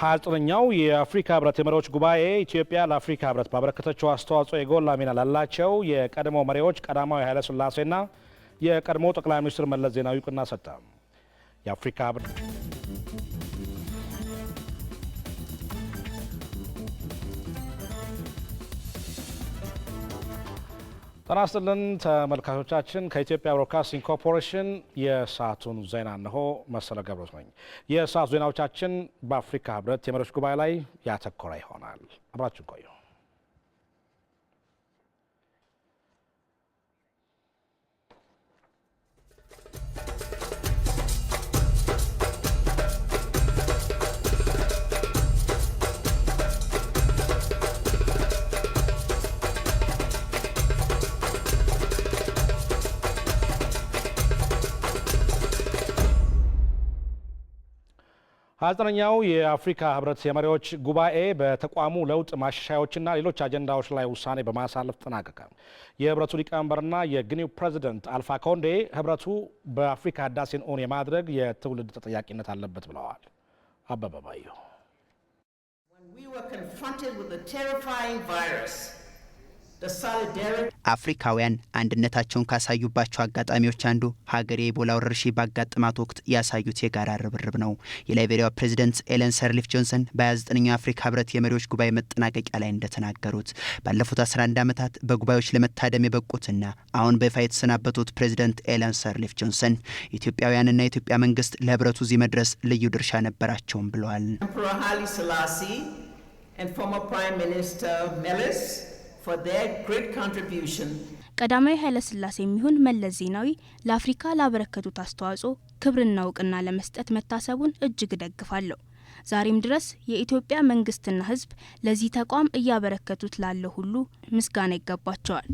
ሀያዘጠነኛው የአፍሪካ ህብረት የመሪዎች ጉባኤ ኢትዮጵያ ለአፍሪካ ህብረት ባበረከተችው አስተዋጽኦ የጎላ ሚና ላላቸው የቀድሞ መሪዎች ቀዳማዊ ኃይለ ሥላሴና የቀድሞ ጠቅላይ ሚኒስትር መለስ ዜናዊ እውቅና ሰጠ። የአፍሪካ ህብረት ጤና ይስጥልን ተመልካቾቻችን፣ ከኢትዮጵያ ብሮድካስቲንግ ኮርፖሬሽን የሰዓቱን ዜና እነሆ። መሰለ ገብረት ነኝ። የሰዓቱ ዜናዎቻችን በአፍሪካ ህብረት የመሪዎች ጉባኤ ላይ ያተኮረ ይሆናል። አብራችን ቆዩ። 29ኛው የአፍሪካ ህብረት የመሪዎች ጉባኤ በተቋሙ ለውጥ ማሻሻያዎችና ሌሎች አጀንዳዎች ላይ ውሳኔ በማሳለፍ ተጠናቀቀ። የህብረቱ ሊቀመንበርና የግኒው ፕሬዚደንት አልፋ ኮንዴ ህብረቱ በአፍሪካ ህዳሴን እውን የማድረግ የትውልድ ተጠያቂነት አለበት ብለዋል። አበበ አፍሪካውያን አንድነታቸውን ካሳዩባቸው አጋጣሚዎች አንዱ ሀገር የኢቦላ ወረርሽኝ ባጋጠማት ወቅት ያሳዩት የጋራ ርብርብ ነው። የላይቤሪያ ፕሬዚደንት ኤለን ሰርሊፍ ጆንሰን በ29ኛው አፍሪካ ህብረት የመሪዎች ጉባኤ መጠናቀቂያ ላይ እንደተናገሩት ባለፉት 11 ዓመታት በጉባኤዎች ለመታደም የበቁትና አሁን በይፋ የተሰናበቱት ፕሬዚደንት ኤለን ሰርሊፍ ጆንሰን ኢትዮጵያውያንና የኢትዮጵያ መንግስት ለህብረቱ እዚህ መድረስ ልዩ ድርሻ ነበራቸውም ብለዋል። ቀዳማዊ ኃይለሥላሴ የሚሆን መለስ ዜናዊ ለአፍሪካ ላበረከቱት አስተዋጽኦ ክብርና እውቅና ለመስጠት መታሰቡን እጅግ ደግፋለሁ። ዛሬም ድረስ የኢትዮጵያ መንግስትና ሕዝብ ለዚህ ተቋም እያበረከቱት ላለው ሁሉ ምስጋና ይገባቸዋል።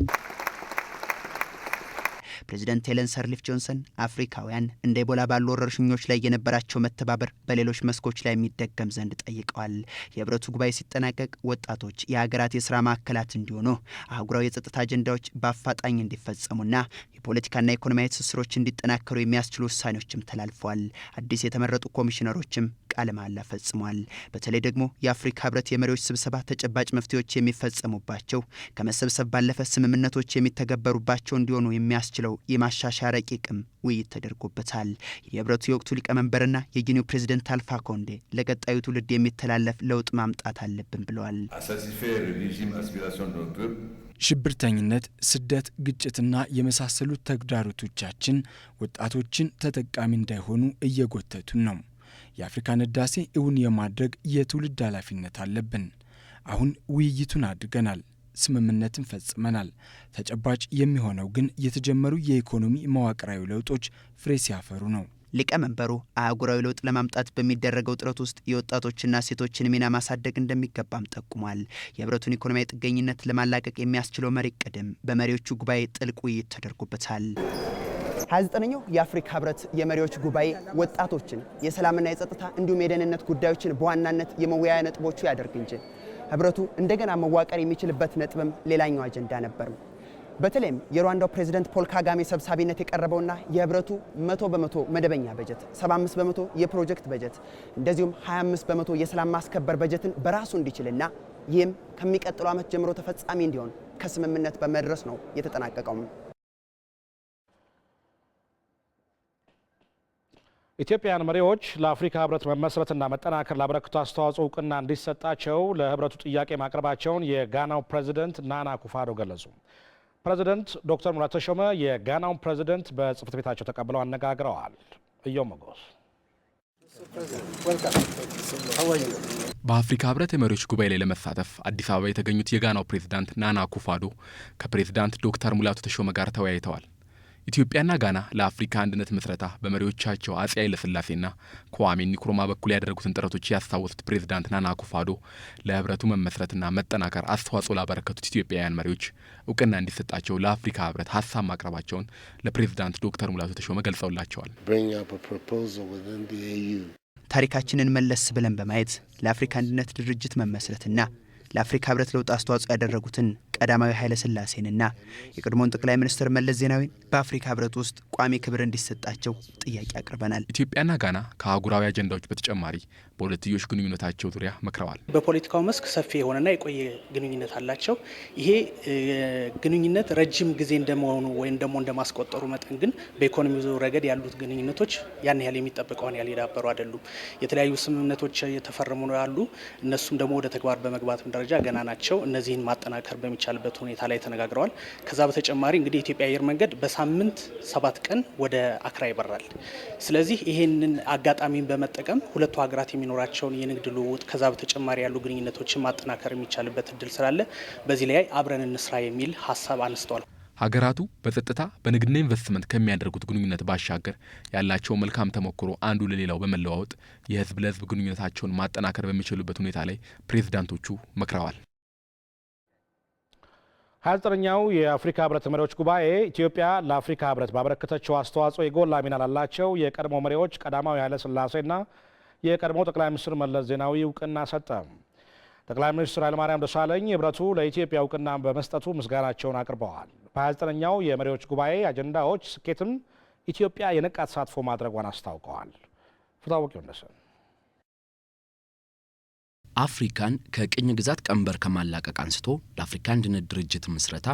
ፕሬዚደንት ሄለን ሰርሊፍ ጆንሰን አፍሪካውያን እንደ ኢቦላ ባሉ ወረርሽኞች ላይ የነበራቸው መተባበር በሌሎች መስኮች ላይ የሚደገም ዘንድ ጠይቀዋል። የህብረቱ ጉባኤ ሲጠናቀቅ ወጣቶች የሀገራት የስራ ማዕከላት እንዲሆኑ፣ አህጉራዊ የጸጥታ አጀንዳዎች በአፋጣኝ እንዲፈጸሙና የፖለቲካና ኢኮኖሚያዊ ትስስሮች እንዲጠናከሩ የሚያስችሉ ውሳኔዎችም ተላልፈዋል። አዲስ የተመረጡ ኮሚሽነሮችም ቃለ መሃላ ፈጽሟል። በተለይ ደግሞ የአፍሪካ ህብረት የመሪዎች ስብሰባ ተጨባጭ መፍትሄዎች የሚፈጸሙባቸው ከመሰብሰብ ባለፈ ስምምነቶች የሚተገበሩባቸው እንዲሆኑ የሚያስችለው የማሻሻያ ረቂቅም ውይይት ተደርጎበታል። የህብረቱ የወቅቱ ሊቀመንበርና የጊኒው ፕሬዚደንት አልፋ ኮንዴ ለቀጣዩ ትውልድ የሚተላለፍ ለውጥ ማምጣት አለብን ብለዋል። ሽብርተኝነት፣ ስደት፣ ግጭትና የመሳሰሉት ተግዳሮቶቻችን ወጣቶችን ተጠቃሚ እንዳይሆኑ እየጎተቱን ነው። የአፍሪካን ህዳሴ እውን የማድረግ የትውልድ ኃላፊነት አለብን። አሁን ውይይቱን አድርገናል። ስምምነትን ፈጽመናል። ተጨባጭ የሚሆነው ግን የተጀመሩ የኢኮኖሚ መዋቅራዊ ለውጦች ፍሬ ሲያፈሩ ነው። ሊቀመንበሩ አህጉራዊ ለውጥ ለማምጣት በሚደረገው ጥረት ውስጥ የወጣቶችና ሴቶችን ሚና ማሳደግ እንደሚገባም ጠቁሟል። የህብረቱን ኢኮኖሚያዊ ጥገኝነት ለማላቀቅ የሚያስችለው መሪ ቅድም በመሪዎቹ ጉባኤ ጥልቅ ውይይት ተደርጎበታል። 29ኛው የአፍሪካ ህብረት የመሪዎች ጉባኤ ወጣቶችን፣ የሰላምና የጸጥታ እንዲሁም የደህንነት ጉዳዮችን በዋናነት የመወያያ ነጥቦቹ ያደርግ እንጂ ህብረቱ እንደገና መዋቀር የሚችልበት ነጥብም ሌላኛው አጀንዳ ነበርም። በተለይም የሩዋንዳው ፕሬዝደንት ፖል ካጋሜ ሰብሳቢነት የቀረበውና የህብረቱ 100 በመቶ መደበኛ በጀት፣ 75 በመቶ የፕሮጀክት በጀት እንደዚሁም 25 በመቶ የሰላም ማስከበር በጀትን በራሱ እንዲችልና ይህም ከሚቀጥለው ዓመት ጀምሮ ተፈጻሚ እንዲሆን ከስምምነት በመድረስ ነው የተጠናቀቀውም። ኢትዮጵያውያን መሪዎች ለአፍሪካ ህብረት መመስረትና መጠናከር ላበረከቱ አስተዋጽኦ እውቅና እንዲሰጣቸው ለህብረቱ ጥያቄ ማቅረባቸውን የጋናው ፕሬዚደንት ናና ኩፋዶ ገለጹ። ፕሬዚደንት ዶክተር ሙላቱ ተሾመ የጋናውን ፕሬዚደንት በጽህፈት ቤታቸው ተቀብለው አነጋግረዋል። እዮም መጎስ በአፍሪካ ህብረት የመሪዎች ጉባኤ ላይ ለመሳተፍ አዲስ አበባ የተገኙት የጋናው ፕሬዚዳንት ናና ኩፋዶ ከፕሬዚዳንት ዶክተር ሙላቱ ተሾመ ጋር ተወያይተዋል። ኢትዮጵያና ጋና ለአፍሪካ አንድነት ምስረታ በመሪዎቻቸው አጼ ኃይለሥላሴና ከዋሜ ኒኩሩማ በኩል ያደረጉትን ጥረቶች ያስታወሱት ፕሬዝዳንት ናና ኩፋዶ ለህብረቱ መመስረትና መጠናከር አስተዋጽኦ ላበረከቱት ኢትዮጵያውያን መሪዎች እውቅና እንዲሰጣቸው ለአፍሪካ ህብረት ሀሳብ ማቅረባቸውን ለፕሬዝዳንት ዶክተር ሙላቱ ተሾመ ገልጸውላቸዋል። ታሪካችንን መለስ ብለን በማየት ለአፍሪካ አንድነት ድርጅት መመስረትና ለአፍሪካ ህብረት ለውጥ አስተዋጽኦ ያደረጉትን ቀዳማዊ ኃይለ ስላሴንና የቀድሞውን ጠቅላይ ሚኒስትር መለስ ዜናዊን በአፍሪካ ህብረት ውስጥ ቋሚ ክብር እንዲሰጣቸው ጥያቄ አቅርበናል። ኢትዮጵያና ጋና ከአህጉራዊ አጀንዳዎች በተጨማሪ በሁለትዮሽ ግንኙነታቸው ዙሪያ መክረዋል። በፖለቲካው መስክ ሰፊ የሆነና የቆየ ግንኙነት አላቸው። ይሄ ግንኙነት ረጅም ጊዜ እንደመሆኑ ወይም ደግሞ እንደማስቆጠሩ መጠን ግን በኢኮኖሚ ረገድ ያሉት ግንኙነቶች ያን ያህል የሚጠበቀውን ያህል የዳበሩ አይደሉም። የተለያዩ ስምምነቶች የተፈረሙ ያሉ እነሱም ደግሞ ወደ ተግባር በመግባት ደረጃ ገና ናቸው። እነዚህን ማጠናከር በሚቻልበት ሁኔታ ላይ ተነጋግረዋል። ከዛ በተጨማሪ እንግዲህ የኢትዮጵያ አየር መንገድ በሳምንት ሰባት ቀን ወደ አክራ ይበራል። ስለዚህ ይሄንን አጋጣሚን በመጠቀም ሁለቱ ሀገራት የሚኖራቸውን የንግድ ልውውጥ ከዛ በተጨማሪ ያሉ ግንኙነቶችን ማጠናከር የሚቻልበት እድል ስላለ በዚህ ላይ አብረን እንስራ የሚል ሀሳብ አንስተዋል። ሀገራቱ በጸጥታ በንግድና ኢንቨስትመንት ከሚያደርጉት ግንኙነት ባሻገር ያላቸው መልካም ተሞክሮ አንዱ ለሌላው በመለዋወጥ የህዝብ ለህዝብ ግንኙነታቸውን ማጠናከር በሚችሉበት ሁኔታ ላይ ፕሬዝዳንቶቹ መክረዋል። ሀያ ዘጠነኛው የአፍሪካ ህብረት መሪዎች ጉባኤ ኢትዮጵያ ለአፍሪካ ህብረት ባበረከተችው አስተዋጽኦ የጎላ ሚና ላላቸው የቀድሞ መሪዎች ቀዳማዊ ኃይለ ሥላሴና የቀድሞ ጠቅላይ ሚኒስትር መለስ ዜናዊ እውቅና ሰጠ። ጠቅላይ ሚኒስትር ኃይለማርያም ደሳለኝ ህብረቱ ለኢትዮጵያ እውቅና በመስጠቱ ምስጋናቸውን አቅርበዋል። በ29ኛው የመሪዎች ጉባኤ አጀንዳዎች ስኬትም ኢትዮጵያ የነቃ ተሳትፎ ማድረጓን አስታውቀዋል። ፍታወቅ ወንደሰን አፍሪካን ከቅኝ ግዛት ቀንበር ከማላቀቅ አንስቶ ለአፍሪካ አንድነት ድርጅት ምስረታ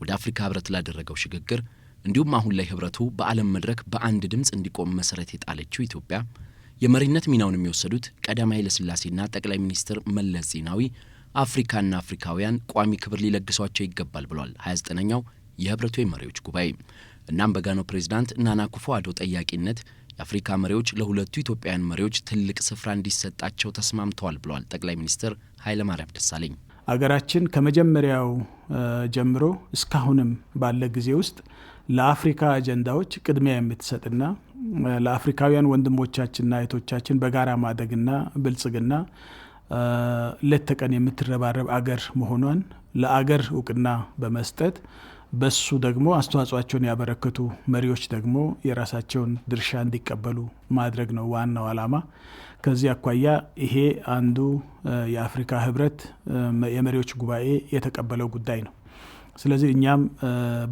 ወደ አፍሪካ ህብረት ላደረገው ሽግግር እንዲሁም አሁን ላይ ህብረቱ በዓለም መድረክ በአንድ ድምፅ እንዲቆም መሰረት የጣለችው ኢትዮጵያ የመሪነት ሚናውን የሚወሰዱት ቀዳማዊ ኃይለሥላሴና ጠቅላይ ሚኒስትር መለስ ዜናዊ አፍሪካና አፍሪካውያን ቋሚ ክብር ሊለግሷቸው ይገባል ብሏል 29ኛው የህብረቱ የመሪዎች ጉባኤ። እናም በጋናው ፕሬዚዳንት ናና ኩፎ አዶ ጠያቂነት የአፍሪካ መሪዎች ለሁለቱ ኢትዮጵያውያን መሪዎች ትልቅ ስፍራ እንዲሰጣቸው ተስማምተዋል ብለዋል ጠቅላይ ሚኒስትር ኃይለማርያም ደሳለኝ። አገራችን ከመጀመሪያው ጀምሮ እስካሁንም ባለ ጊዜ ውስጥ ለአፍሪካ አጀንዳዎች ቅድሚያ የምትሰጥና ለአፍሪካውያን ወንድሞቻችንና እህቶቻችን በጋራ ማደግና ብልጽግና ሌት ተቀን የምትረባረብ አገር መሆኗን ለአገር እውቅና በመስጠት በሱ ደግሞ አስተዋጽኦቸውን ያበረከቱ መሪዎች ደግሞ የራሳቸውን ድርሻ እንዲቀበሉ ማድረግ ነው ዋናው ዓላማ። ከዚህ አኳያ ይሄ አንዱ የአፍሪካ ህብረት የመሪዎች ጉባኤ የተቀበለው ጉዳይ ነው። ስለዚህ እኛም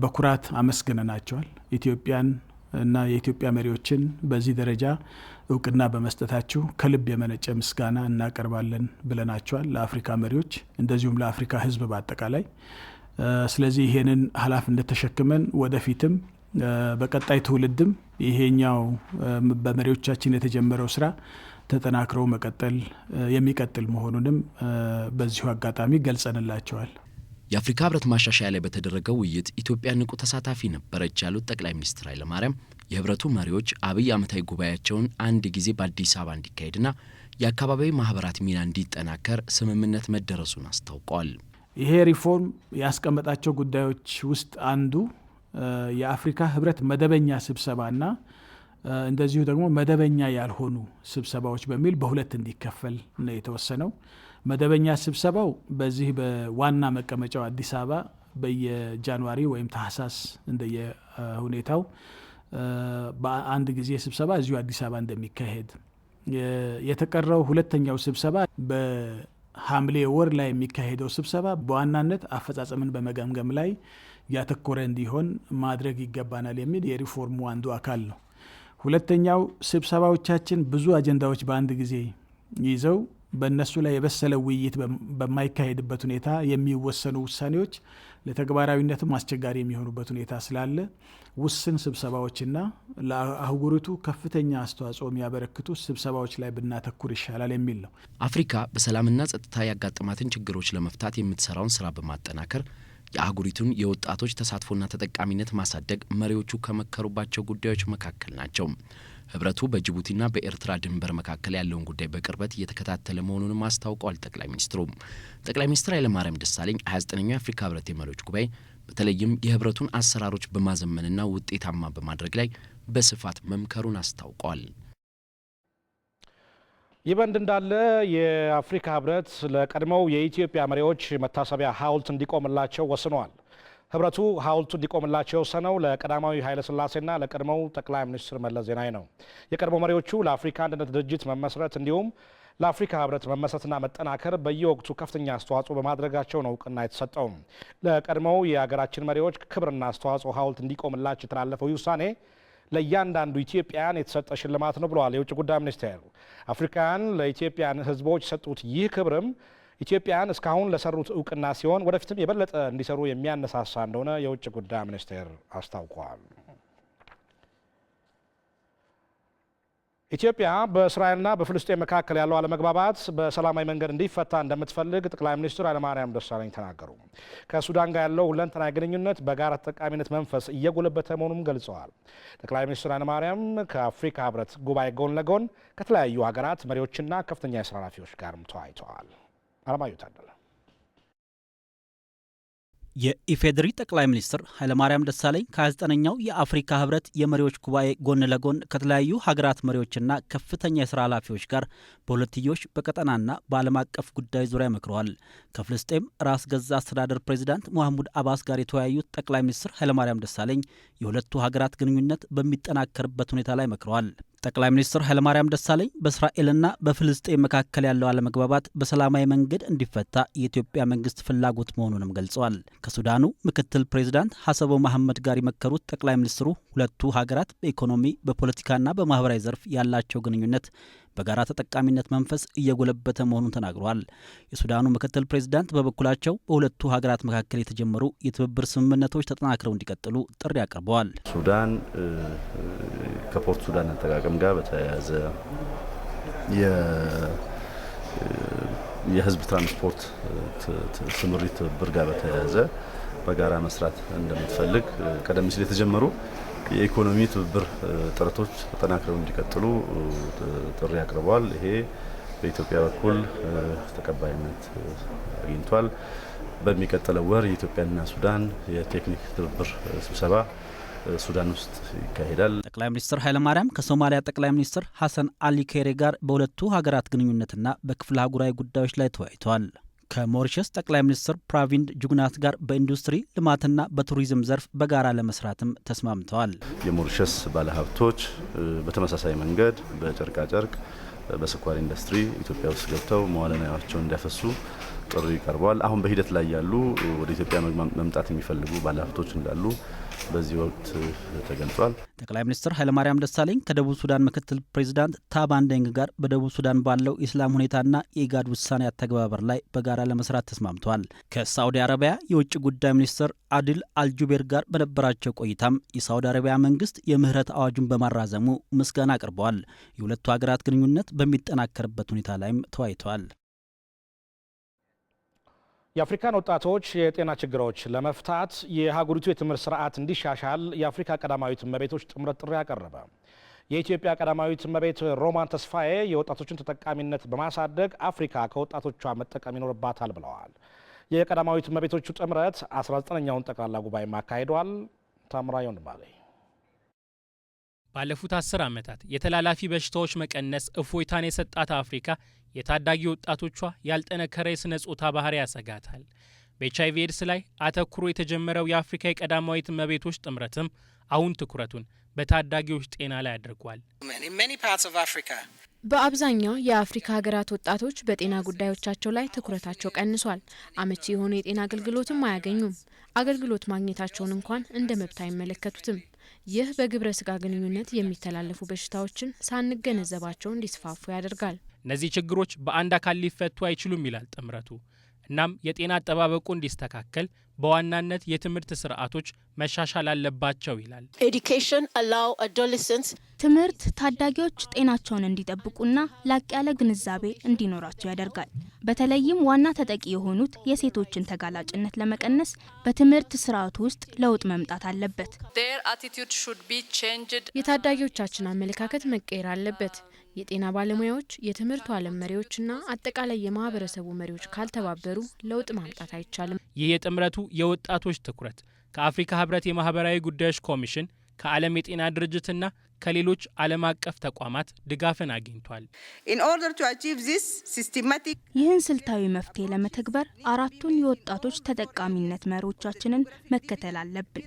በኩራት አመስግነናቸዋል ኢትዮጵያን እና የኢትዮጵያ መሪዎችን በዚህ ደረጃ እውቅና በመስጠታችሁ ከልብ የመነጨ ምስጋና እናቀርባለን ብለናቸዋል ለአፍሪካ መሪዎች እንደዚሁም ለአፍሪካ ሕዝብ በአጠቃላይ። ስለዚህ ይሄንን ኃላፊነት ተሸክመን ወደፊትም በቀጣይ ትውልድም ይሄኛው በመሪዎቻችን የተጀመረው ስራ ተጠናክሮ መቀጠል የሚቀጥል መሆኑንም በዚሁ አጋጣሚ ገልጸንላቸዋል። የአፍሪካ ህብረት ማሻሻያ ላይ በተደረገው ውይይት ኢትዮጵያ ንቁ ተሳታፊ ነበረች ያሉት ጠቅላይ ሚኒስትር ኃይለማርያም የህብረቱ መሪዎች አብይ ዓመታዊ ጉባኤያቸውን አንድ ጊዜ በአዲስ አበባ እንዲካሄድና የአካባቢዊ ማህበራት ሚና እንዲጠናከር ስምምነት መደረሱን አስታውቀዋል። ይሄ ሪፎርም ያስቀመጣቸው ጉዳዮች ውስጥ አንዱ የአፍሪካ ህብረት መደበኛ ስብሰባና እንደዚሁ ደግሞ መደበኛ ያልሆኑ ስብሰባዎች በሚል በሁለት እንዲከፈል ነው የተወሰነው። መደበኛ ስብሰባው በዚህ በዋና መቀመጫው አዲስ አበባ በየጃንዋሪ ወይም ታህሳስ እንደየሁኔታው በአንድ ጊዜ ስብሰባ እዚሁ አዲስ አበባ እንደሚካሄድ፣ የተቀረው ሁለተኛው ስብሰባ በሐምሌ ወር ላይ የሚካሄደው ስብሰባ በዋናነት አፈጻጸምን በመገምገም ላይ ያተኮረ እንዲሆን ማድረግ ይገባናል የሚል የሪፎርሙ አንዱ አካል ነው። ሁለተኛው ስብሰባዎቻችን ብዙ አጀንዳዎች በአንድ ጊዜ ይዘው በእነሱ ላይ የበሰለ ውይይት በማይካሄድበት ሁኔታ የሚወሰኑ ውሳኔዎች ለተግባራዊነትም አስቸጋሪ የሚሆኑበት ሁኔታ ስላለ ውስን ስብሰባዎችና ለአህጉሪቱ ከፍተኛ አስተዋጽኦ የሚያበረክቱ ስብሰባዎች ላይ ብናተኩር ይሻላል የሚል ነው። አፍሪካ በሰላምና ጸጥታ ያጋጠማትን ችግሮች ለመፍታት የምትሰራውን ስራ በማጠናከር የአህጉሪቱን የወጣቶች ተሳትፎና ተጠቃሚነት ማሳደግ መሪዎቹ ከመከሩባቸው ጉዳዮች መካከል ናቸው። ህብረቱ በጅቡቲና በኤርትራ ድንበር መካከል ያለውን ጉዳይ በቅርበት እየተከታተለ መሆኑንም አስታውቀዋል። ጠቅላይ ሚኒስትሩ ጠቅላይ ሚኒስትር ኃይለማርያም ደሳለኝ 29ኛው የአፍሪካ ህብረት የመሪዎች ጉባኤ በተለይም የህብረቱን አሰራሮች በማዘመንና ውጤታማ በማድረግ ላይ በስፋት መምከሩን አስታውቀዋል። ይህ በእንዲህ እንዳለ የአፍሪካ ህብረት ለቀድሞው የኢትዮጵያ መሪዎች መታሰቢያ ሐውልት እንዲቆምላቸው ወስነዋል። ህብረቱ ሐውልቱ እንዲቆምላቸው የወሰነው ለቀዳማዊ ኃይለሥላሴና ለቀድሞው ጠቅላይ ሚኒስትር መለስ ዜናዊ ነው። የቀድሞ መሪዎቹ ለአፍሪካ አንድነት ድርጅት መመስረት እንዲሁም ለአፍሪካ ህብረት መመስረትና መጠናከር በየወቅቱ ከፍተኛ አስተዋጽኦ በማድረጋቸው ነው እውቅና የተሰጠው። ለቀድሞው የሀገራችን መሪዎች ክብርና አስተዋጽኦ ሐውልት እንዲቆምላቸው የተላለፈው ውሳኔ ለእያንዳንዱ ኢትዮጵያን የተሰጠ ሽልማት ነው ብለዋል የውጭ ጉዳይ ሚኒስቴር። አፍሪካውያን ለኢትዮጵያን ህዝቦች የሰጡት ይህ ክብርም ኢትዮጵያውያን እስካሁን ለሰሩት እውቅና ሲሆን ወደፊትም የበለጠ እንዲሰሩ የሚያነሳሳ እንደሆነ የውጭ ጉዳይ ሚኒስቴር አስታውቋል። ኢትዮጵያ በእስራኤልና በፍልስጤን መካከል ያለው አለመግባባት በሰላማዊ መንገድ እንዲፈታ እንደምትፈልግ ጠቅላይ ሚኒስትር ኃይለማርያም ደሳለኝ ተናገሩ። ከሱዳን ጋር ያለው ሁለንተናዊ ግንኙነት በጋራ ተጠቃሚነት መንፈስ እየጎለበተ መሆኑም ገልጸዋል። ጠቅላይ ሚኒስትር ኃይለማርያም ከአፍሪካ ሕብረት ጉባኤ ጎን ለጎን ከተለያዩ ሀገራት መሪዎችና ከፍተኛ የስራ ኃላፊዎች ጋርም ተወያይተዋል። አለማየሁ ታደለ የኢፌዴሪ ጠቅላይ ሚኒስትር ኃይለማርያም ደሳለኝ ከ29ኛው የአፍሪካ ህብረት የመሪዎች ጉባኤ ጎን ለጎን ከተለያዩ ሀገራት መሪዎችና ከፍተኛ የስራ ኃላፊዎች ጋር በሁለትዮሽ በቀጠናና በዓለም አቀፍ ጉዳይ ዙሪያ መክረዋል። ከፍልስጤም ራስ ገዛ አስተዳደር ፕሬዚዳንት መሐሙድ አባስ ጋር የተወያዩት ጠቅላይ ሚኒስትር ኃይለማርያም ደሳለኝ የሁለቱ ሀገራት ግንኙነት በሚጠናከርበት ሁኔታ ላይ መክረዋል። ጠቅላይ ሚኒስትር ኃይለማርያም ደሳለኝ በእስራኤልና በፍልስጤን መካከል ያለው አለመግባባት በሰላማዊ መንገድ እንዲፈታ የኢትዮጵያ መንግስት ፍላጎት መሆኑንም ገልጸዋል። ከሱዳኑ ምክትል ፕሬዚዳንት ሐሰቦ መሐመድ ጋር የመከሩት ጠቅላይ ሚኒስትሩ ሁለቱ ሀገራት በኢኮኖሚ በፖለቲካና በማህበራዊ ዘርፍ ያላቸው ግንኙነት በጋራ ተጠቃሚነት መንፈስ እየጎለበተ መሆኑን ተናግሯል። የሱዳኑ ምክትል ፕሬዚዳንት በበኩላቸው በሁለቱ ሀገራት መካከል የተጀመሩ የትብብር ስምምነቶች ተጠናክረው እንዲቀጥሉ ጥሪ አቅርበዋል። ሱዳን ከፖርት ሱዳን አጠቃቀም ጋር በተያያዘ የህዝብ ትራንስፖርት ስምሪት ትብብር ጋር በተያያዘ በጋራ መስራት እንደምትፈልግ ቀደም ሲል የተጀመሩ የኢኮኖሚ ትብብር ጥረቶች ተጠናክረው እንዲቀጥሉ ጥሪ አቅርበዋል። ይሄ በኢትዮጵያ በኩል ተቀባይነት አግኝቷል። በሚቀጥለው ወር የኢትዮጵያና ሱዳን የቴክኒክ ትብብር ስብሰባ ሱዳን ውስጥ ይካሄዳል። ጠቅላይ ሚኒስትር ኃይለማርያም ከሶማሊያ ጠቅላይ ሚኒስትር ሀሰን አሊ ኬሬ ጋር በሁለቱ ሀገራት ግንኙነትና በክፍለ አህጉራዊ ጉዳዮች ላይ ተወያይተዋል። ከሞሪሸስ ጠቅላይ ሚኒስትር ፕራቪንድ ጁግናት ጋር በኢንዱስትሪ ልማትና በቱሪዝም ዘርፍ በጋራ ለመስራትም ተስማምተዋል። የሞሪሸስ ባለሀብቶች በተመሳሳይ መንገድ በጨርቃጨርቅ፣ በስኳር ኢንዱስትሪ ኢትዮጵያ ውስጥ ገብተው መዋለ ንዋያቸውን እንዲያፈሱ ጥሪ ቀርቧል። አሁን በሂደት ላይ ያሉ ወደ ኢትዮጵያ መምጣት የሚፈልጉ ባለሀብቶች እንዳሉ በዚህ ወቅት ተገልጿል። ጠቅላይ ሚኒስትር ኃይለማርያም ደሳለኝ ከደቡብ ሱዳን ምክትል ፕሬዚዳንት ታባንደንግ ጋር በደቡብ ሱዳን ባለው ኢስላም ሁኔታና የኢጋድ ውሳኔ አተገባበር ላይ በጋራ ለመስራት ተስማምተዋል። ከሳዑዲ አረቢያ የውጭ ጉዳይ ሚኒስትር አድል አልጁቤር ጋር በነበራቸው ቆይታም የሳዑዲ አረቢያ መንግስት የምህረት አዋጁን በማራዘሙ ምስጋና አቅርበዋል። የሁለቱ ሀገራት ግንኙነት በሚጠናከርበት ሁኔታ ላይም ተወያይተዋል። የአፍሪካን ወጣቶች የጤና ችግሮች ለመፍታት የሀገሪቱ የትምህርት ስርዓት እንዲሻሻል የአፍሪካ ቀዳማዊት እመቤቶች ጥምረት ጥሪ አቀረበ። የኢትዮጵያ ቀዳማዊት እመቤት ሮማን ተስፋዬ የወጣቶችን ተጠቃሚነት በማሳደግ አፍሪካ ከወጣቶቿ መጠቀም ይኖርባታል ብለዋል። የቀዳማዊት እመቤቶቹ ጥምረት 19ኛውን ጠቅላላ ጉባኤ ማካሂዷል። ታምራ ወንድማሌ ባለፉት አስር ዓመታት የተላላፊ በሽታዎች መቀነስ እፎይታን የሰጣት አፍሪካ የታዳጊ ወጣቶቿ ያልጠነከረ የስነ ጾታ ባህሪ ያሰጋታል። በኤችአይቪ ኤድስ ላይ አተኩሮ የተጀመረው የአፍሪካ የቀዳማዊት እመቤቶች ጥምረትም አሁን ትኩረቱን በታዳጊዎች ጤና ላይ አድርጓል። በአብዛኛው የአፍሪካ ሀገራት ወጣቶች በጤና ጉዳዮቻቸው ላይ ትኩረታቸው ቀንሷል። አመቺ የሆነ የጤና አገልግሎትም አያገኙም። አገልግሎት ማግኘታቸውን እንኳን እንደ መብት አይመለከቱትም። ይህ በግብረ ስጋ ግንኙነት የሚተላለፉ በሽታዎችን ሳንገነዘባቸው እንዲስፋፉ ያደርጋል። እነዚህ ችግሮች በአንድ አካል ሊፈቱ አይችሉም ይላል ጥምረቱ። እናም የጤና አጠባበቁ እንዲስተካከል በዋናነት የትምህርት ስርዓቶች መሻሻል አለባቸው ይላል። ትምህርት ታዳጊዎች ጤናቸውን እንዲጠብቁና ላቅ ያለ ግንዛቤ እንዲኖራቸው ያደርጋል። በተለይም ዋና ተጠቂ የሆኑት የሴቶችን ተጋላጭነት ለመቀነስ በትምህርት ስርዓቱ ውስጥ ለውጥ መምጣት አለበት። የታዳጊዎቻችን አመለካከት መቀየር አለበት። የጤና ባለሙያዎች፣ የትምህርቱ ዓለም መሪዎችና አጠቃላይ የማህበረሰቡ መሪዎች ካልተባበሩ ለውጥ ማምጣት አይቻልም። ይህ የጥምረቱ የወጣቶች ትኩረት ከአፍሪካ ህብረት የማህበራዊ ጉዳዮች ኮሚሽን ከዓለም የጤና ድርጅትና ከሌሎች ዓለም አቀፍ ተቋማት ድጋፍን አግኝቷል። ይህን ስልታዊ መፍትሄ ለመተግበር አራቱን የወጣቶች ተጠቃሚነት መሪዎቻችንን መከተል አለብን።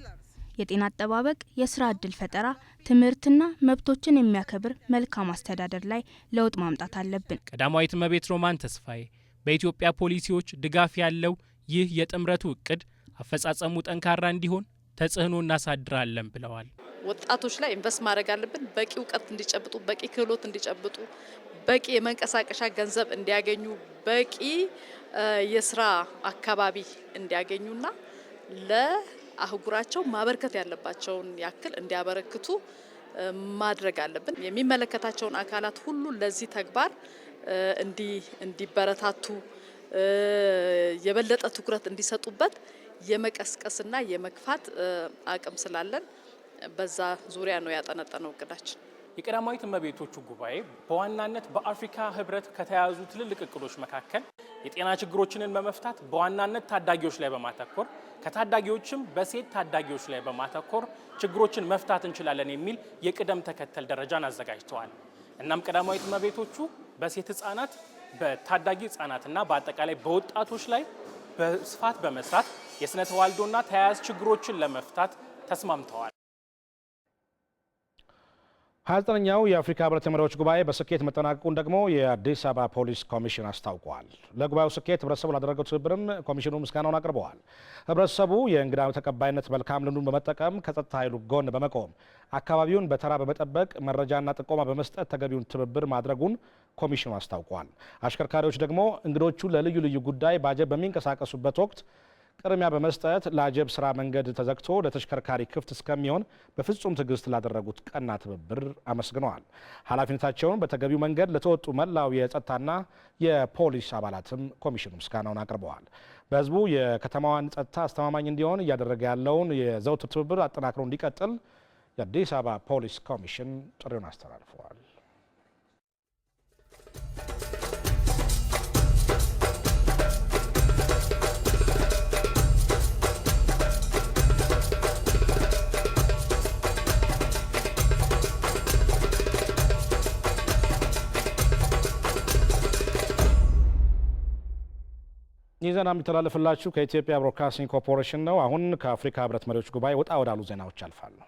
የጤና አጠባበቅ፣ የስራ እድል ፈጠራ፣ ትምህርትና መብቶችን የሚያከብር መልካም አስተዳደር ላይ ለውጥ ማምጣት አለብን። ቀዳማዊት እመቤት ሮማን ተስፋዬ በኢትዮጵያ ፖሊሲዎች ድጋፍ ያለው ይህ የጥምረቱ እቅድ አፈጻጸሙ ጠንካራ እንዲሆን ተጽዕኖ እናሳድራለን ብለዋል። ወጣቶች ላይ ኢንቨስት ማድረግ አለብን። በቂ እውቀት እንዲጨብጡ፣ በቂ ክህሎት እንዲጨብጡ፣ በቂ የመንቀሳቀሻ ገንዘብ እንዲያገኙ፣ በቂ የስራ አካባቢ እንዲያገኙና ለ አህጉራቸው ማበርከት ያለባቸውን ያክል እንዲያበረክቱ ማድረግ አለብን። የሚመለከታቸውን አካላት ሁሉ ለዚህ ተግባር እንዲበረታቱ የበለጠ ትኩረት እንዲሰጡበት የመቀስቀስና የመግፋት አቅም ስላለን በዛ ዙሪያ ነው ያጠነጠነው እቅዳችን። የቀዳማዊት እመቤቶቹ ጉባኤ በዋናነት በአፍሪካ ህብረት ከተያዙ ትልልቅ እቅዶች መካከል የጤና ችግሮችንን በመፍታት በዋናነት ታዳጊዎች ላይ በማተኮር ከታዳጊዎችም በሴት ታዳጊዎች ላይ በማተኮር ችግሮችን መፍታት እንችላለን የሚል የቅደም ተከተል ደረጃን አዘጋጅተዋል። እናም ቀዳማዊ እመቤቶቹ በሴት ህጻናት፣ በታዳጊ ህጻናትና በአጠቃላይ በወጣቶች ላይ በስፋት በመስራት የስነ ተዋልዶና ችግሮችን ለመፍታት ተስማምተዋል። 29ኛው የአፍሪካ ህብረት የመሪዎች ጉባኤ በስኬት መጠናቀቁን ደግሞ የአዲስ አበባ ፖሊስ ኮሚሽን አስታውቋል። ለጉባኤው ስኬት ህብረተሰቡ ላደረገው ትብብርም ኮሚሽኑ ምስጋናውን አቅርበዋል። ህብረተሰቡ የእንግዳ ተቀባይነት መልካም ልምዱን በመጠቀም ከጸጥታ ኃይሉ ጎን በመቆም አካባቢውን በተራ በመጠበቅ መረጃና ጥቆማ በመስጠት ተገቢውን ትብብር ማድረጉን ኮሚሽኑ አስታውቋል። አሽከርካሪዎች ደግሞ እንግዶቹ ለልዩ ልዩ ጉዳይ ባጀብ በሚንቀሳቀሱበት ወቅት ቅድሚያ በመስጠት ለአጀብ ስራ መንገድ ተዘግቶ ለተሽከርካሪ ክፍት እስከሚሆን በፍጹም ትዕግስት ላደረጉት ቀና ትብብር አመስግነዋል። ኃላፊነታቸውን በተገቢው መንገድ ለተወጡ መላው የጸጥታና የፖሊስ አባላትም ኮሚሽኑ ምስጋናውን አቅርበዋል። በህዝቡ የከተማዋን ጸጥታ አስተማማኝ እንዲሆን እያደረገ ያለውን የዘውትር ትብብር አጠናክሮ እንዲቀጥል የአዲስ አበባ ፖሊስ ኮሚሽን ጥሪውን አስተላልፈዋል። ይህ ዜና የሚተላለፍላችሁ ከኢትዮጵያ ብሮድካስቲንግ ኮርፖሬሽን ነው። አሁን ከአፍሪካ ህብረት መሪዎች ጉባኤ ወጣ ወዳሉ ዜናዎች አልፋለሁ።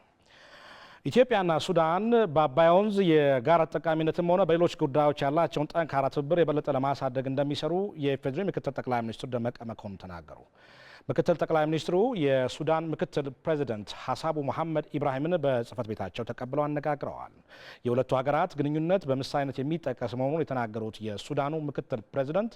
ኢትዮጵያና ሱዳን በአባይ ወንዝ የጋራ ተጠቃሚነትም ሆነ በሌሎች ጉዳዮች ያላቸውን ጠንካራ ትብብር የበለጠ ለማሳደግ እንደሚሰሩ የኢፌዴሪ ምክትል ጠቅላይ ሚኒስትር ደመቀ መኮንን ተናገሩ። ምክትል ጠቅላይ ሚኒስትሩ የሱዳን ምክትል ፕሬዚደንት ሐሳቡ መሐመድ ኢብራሂምን በጽህፈት ቤታቸው ተቀብለው አነጋግረዋል። የሁለቱ ሀገራት ግንኙነት በምሳሌነት የሚጠቀስ መሆኑን የተናገሩት የሱዳኑ ምክትል ፕሬዚደንት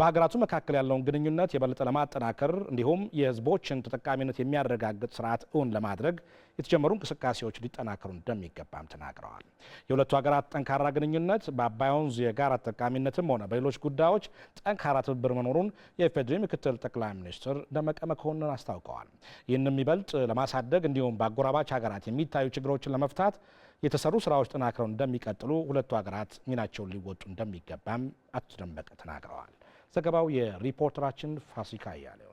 በሀገራቱ መካከል ያለውን ግንኙነት የበለጠ ለማጠናከር እንዲሁም የህዝቦችን ተጠቃሚነት የሚያረጋግጥ ስርዓት እውን ለማድረግ የተጀመሩ እንቅስቃሴዎች ሊጠናከሩ እንደሚገባም ተናግረዋል። የሁለቱ ሀገራት ጠንካራ ግንኙነት በአባይ ወንዝ የጋራ ተጠቃሚነትም ሆነ በሌሎች ጉዳዮች ጠንካራ ትብብር መኖሩን የኢፌዴሪ ምክትል ጠቅላይ ሚኒስትር ደመቀ መኮንን አስታውቀዋል። ይህንም ይበልጥ ለማሳደግ እንዲሁም በአጎራባች ሀገራት የሚታዩ ችግሮችን ለመፍታት የተሰሩ ስራዎች ጠናክረው እንደሚቀጥሉ ሁለቱ ሀገራት ሚናቸውን ሊወጡ እንደሚገባም አቶ ደመቀ ተናግረዋል። ዘገባው የሪፖርተራችን ፋሲካ እያሌው